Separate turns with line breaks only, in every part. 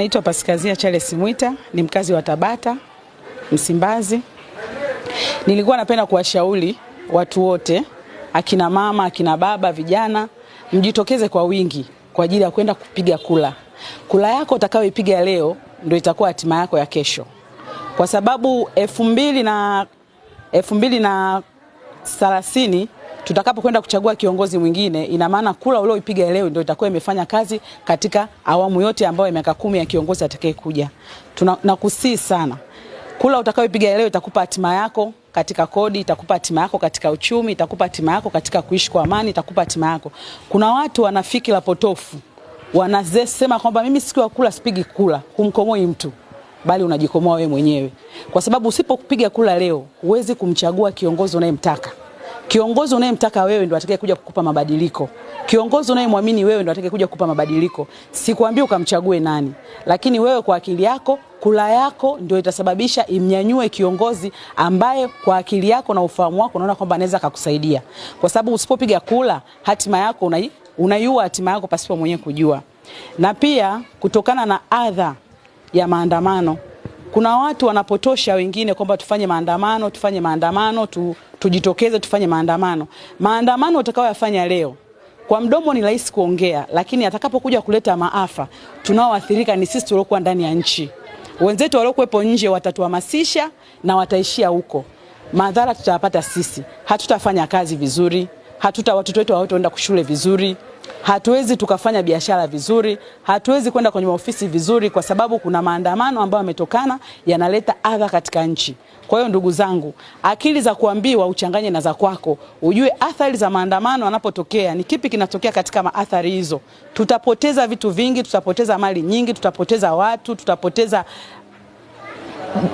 Naitwa Paskazia Charles Mwita, ni mkazi wa Tabata Msimbazi. Nilikuwa napenda kuwashauri watu wote, akina mama, akina baba, vijana, mjitokeze kwa wingi kwa ajili ya kwenda kupiga kula. Kula yako utakayoipiga leo ndio itakuwa hatima yako ya kesho, kwa sababu elfu mbili na elfu mbili na thelathini tutakapokwenda kuchagua kiongozi mwingine, ina maana kura ulioipiga leo ndio itakuwa imefanya kazi katika awamu yote ambayo ya miaka kumi ya kiongozi atakayekuja. Tunakusii sana, kura utakayopiga leo itakupa hatima yako katika kodi, itakupa hatima yako katika uchumi, itakupa hatima yako katika kuishi kwa amani, itakupa hatima yako. Kuna watu wana fikira potofu, wanazesema kwamba mimi sikiwa kula sipigi kula, Humkomoi mtu bali unajikomoa wewe mwenyewe, kwa sababu usipopiga kula leo huwezi kumchagua kiongozi unayemtaka. Kiongozi unayemtaka wewe ndio atakaye kuja kukupa mabadiliko. Kiongozi unayemwamini wewe ndio atakaye kuja kukupa mabadiliko. Sikwambii ukamchague nani, lakini wewe kwa akili yako kula yako ndio itasababisha imnyanyue kiongozi ambaye kwa akili yako na ufahamu wako unaona kwamba anaweza akakusaidia, kwa sababu usipopiga kula hatima yako unai, unaiua hatima yako pasipo mwenyewe kujua. Na pia kutokana na adha ya maandamano, kuna watu wanapotosha wengine kwamba tufanye maandamano, tufanye maandamano tu tujitokeze tufanye maandamano. Maandamano utakayoyafanya leo kwa mdomo ni rahisi kuongea, lakini atakapokuja kuleta maafa, tunaoathirika ni sisi tuliokuwa ndani ya nchi. Wenzetu waliokuwepo nje watatuhamasisha na wataishia huko, madhara tutayapata sisi. Hatutafanya kazi vizuri, hatuta watoto wetu hawataenda kushule vizuri hatuwezi tukafanya biashara vizuri, hatuwezi kwenda kwenye maofisi vizuri, kwa sababu kuna maandamano ambayo yametokana yanaleta adha katika nchi. Kwa hiyo ndugu zangu, akili za kuambiwa uchanganye na za kwako, ujue athari za maandamano yanapotokea, ni kipi kinatokea katika athari hizo. Tutapoteza vitu vingi, tutapoteza mali nyingi, tutapoteza watu, tutapoteza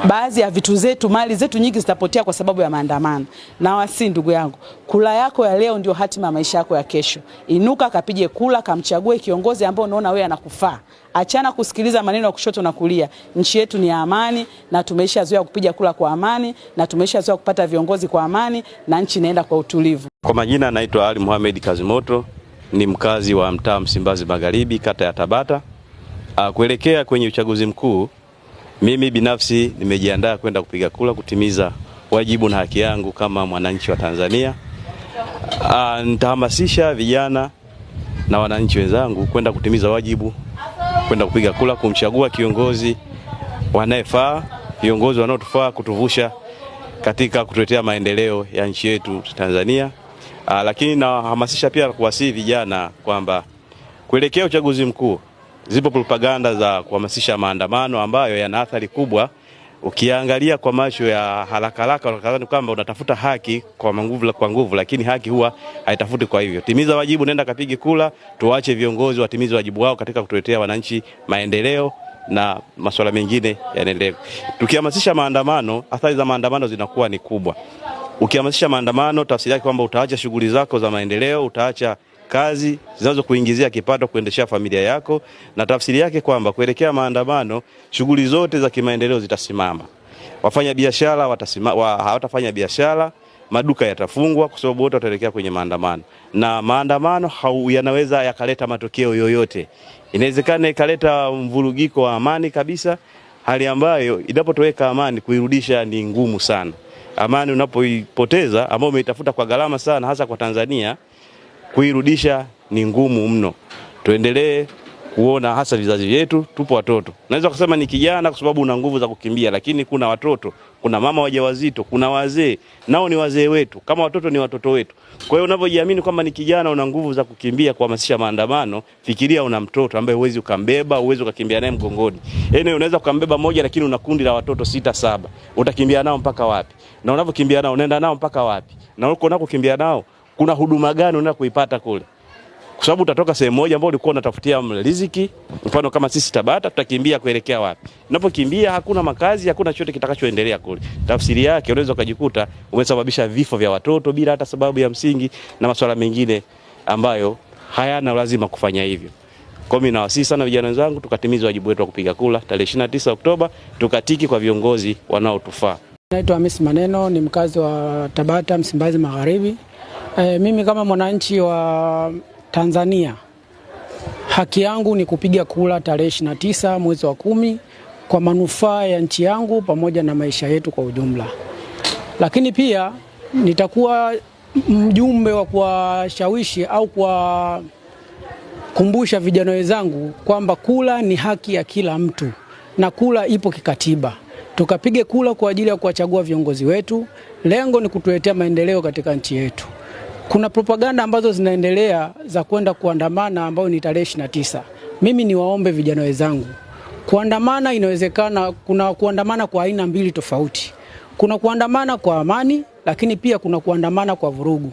baadhi ya vitu zetu, mali zetu nyingi zitapotea kwa sababu ya maandamano. Na wasi, ndugu yangu, kula yako ya leo ndio hatima ya maisha yako ya kesho. Inuka, kapige kula, kamchague kiongozi ambao unaona wewe anakufaa. Achana kusikiliza maneno ya kushoto na kulia. Nchi yetu ni ya amani na tumeshazoea kupiga kula kwa amani na tumeshazoea kupata viongozi kwa amani na nchi inaenda kwa utulivu.
Kwa majina naitwa Ali Mohamed Kazimoto, ni mkazi wa mtaa Msimbazi Magharibi, kata ya Tabata. Ah, kuelekea kwenye uchaguzi mkuu mimi binafsi nimejiandaa kwenda kupiga kura kutimiza wajibu na haki yangu kama mwananchi wa Tanzania. Ah, nitahamasisha vijana na wananchi wenzangu kwenda kutimiza wajibu, kwenda kupiga kura, kumchagua kiongozi wanayefaa, viongozi wanaotufaa kutuvusha katika kutuletea maendeleo ya nchi yetu Tanzania. Aa, ah, lakini nawahamasisha pia kuwasihi vijana kwamba kuelekea uchaguzi mkuu zipo propaganda za kuhamasisha maandamano ambayo yana athari kubwa. Ukiangalia kwa macho ya haraka haraka, unakadhani kwamba unatafuta haki kwa nguvu, kwa nguvu, lakini haki huwa haitafuti. Kwa hivyo, timiza wajibu, nenda kapige kula, tuwache viongozi watimize wajibu wao katika kutuletea wananchi maendeleo na masuala mengine yanaendelea. Tukihamasisha maandamano, athari za maandamano zinakuwa ni kubwa. Ukihamasisha maandamano, tafsiri yake kwamba utaacha shughuli zako za maendeleo, utaacha kazi zinazokuingizia kipato kuendeshea familia yako, na tafsiri yake kwamba kuelekea maandamano, shughuli zote za kimaendeleo zitasimama, wafanya biashara wa, hawatafanya biashara, maduka yatafungwa kwa sababu wote wataelekea kwenye maandamano, na maandamano yanaweza yakaleta matokeo yoyote. Inawezekana ikaleta mvurugiko wa amani kabisa, hali ambayo inapotoweka amani kuirudisha ni ngumu sana. Amani unapoipoteza, ambayo umeitafuta kwa gharama sana, hasa kwa Tanzania kuirudisha ni ngumu mno. Tuendelee kuona hasa vizazi vyetu, tupo watoto. Naweza kusema ni kijana kwa sababu una nguvu za kukimbia, lakini kuna watoto, kuna mama wajawazito, kuna wazee, nao ni wazee wetu, kama watoto ni watoto wetu. Kwa hiyo unavyojiamini kwamba ni kijana, una nguvu za kukimbia, kuhamasisha maandamano, fikiria una mtoto ambaye huwezi ukambeba, huwezi ukakimbia naye mgongoni. Yaani unaweza kukambeba moja, lakini una kundi la watoto sita saba, utakimbia nao mpaka wapi? Na unavyokimbia nao unaenda nao mpaka wapi? Na uko unakokimbia nao kuna huduma gani unaenda kuipata kule, kwa sababu utatoka sehemu moja ambayo ulikuwa unatafutia riziki. Mfano kama sisi Tabata, tutakimbia kuelekea wapi? Unapokimbia hakuna makazi, hakuna chochote kitakachoendelea kule. Tafsiri yake unaweza ukajikuta umesababisha vifo vya watoto bila hata sababu ya msingi na masuala mengine ambayo hayana lazima kufanya hivyo. Kwa mimi nawasihi sana vijana wenzangu, tukatimize wajibu wetu wa kupiga kura tarehe 29 Oktoba, tukatiki kwa viongozi wanaotufaa.
Naitwa Hamisi Maneno, ni mkazi wa Tabata Msimbazi Magharibi. E, mimi kama mwananchi wa Tanzania haki yangu ni kupiga kura tarehe tisa mwezi wa kumi kwa manufaa ya nchi yangu pamoja na maisha yetu kwa ujumla, lakini pia nitakuwa mjumbe wa kuwashawishi au kuwakumbusha vijana wenzangu kwamba kura ni haki ya kila mtu na kura ipo kikatiba. Tukapige kura kwa ajili ya kuwachagua viongozi wetu. Lengo ni kutuletea maendeleo katika nchi yetu kuna propaganda ambazo zinaendelea za kwenda kuandamana ambayo ni tarehe tisa. Mimi niwaombe vijana wenzangu, kuandamana inawezekana. Kuna kuandamana kwa aina mbili tofauti, kuna kuandamana kwa amani, lakini pia kuna kuandamana kwa vurugu.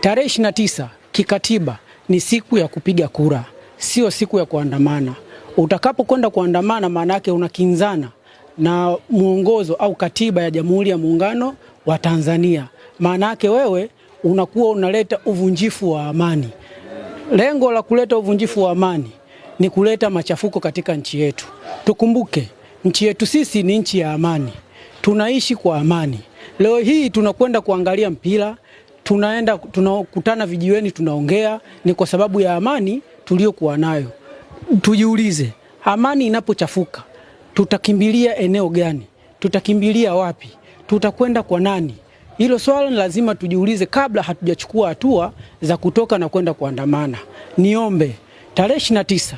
Tarehe tisa kikatiba ni siku ya kupiga kura, sio siku ya kuandamana. Utakapokwenda kuandamana, maana yake unakinzana na mwongozo au katiba ya Jamhuri ya Muungano wa Tanzania, maana yake wewe unakuwa unaleta uvunjifu wa amani. Lengo la kuleta uvunjifu wa amani ni kuleta machafuko katika nchi yetu. Tukumbuke nchi yetu sisi ni nchi ya amani, tunaishi kwa amani. Leo hii tunakwenda kuangalia mpira, tunaenda tunakutana vijiweni, tunaongea, ni kwa sababu ya amani tuliyokuwa nayo. Tujiulize, amani inapochafuka tutakimbilia eneo gani? Tutakimbilia wapi? Tutakwenda kwa nani? Hilo swala ni lazima tujiulize kabla hatujachukua hatua za kutoka na kwenda kuandamana. Niombe tarehe ishirini na tisa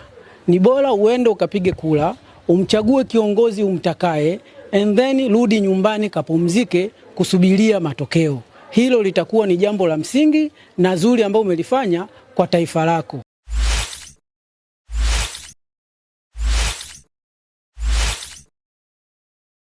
ni bora uende ukapige kura, umchague kiongozi umtakaye, and then rudi nyumbani kapumzike, kusubiria matokeo. Hilo litakuwa ni jambo la msingi na zuri ambayo umelifanya kwa taifa lako.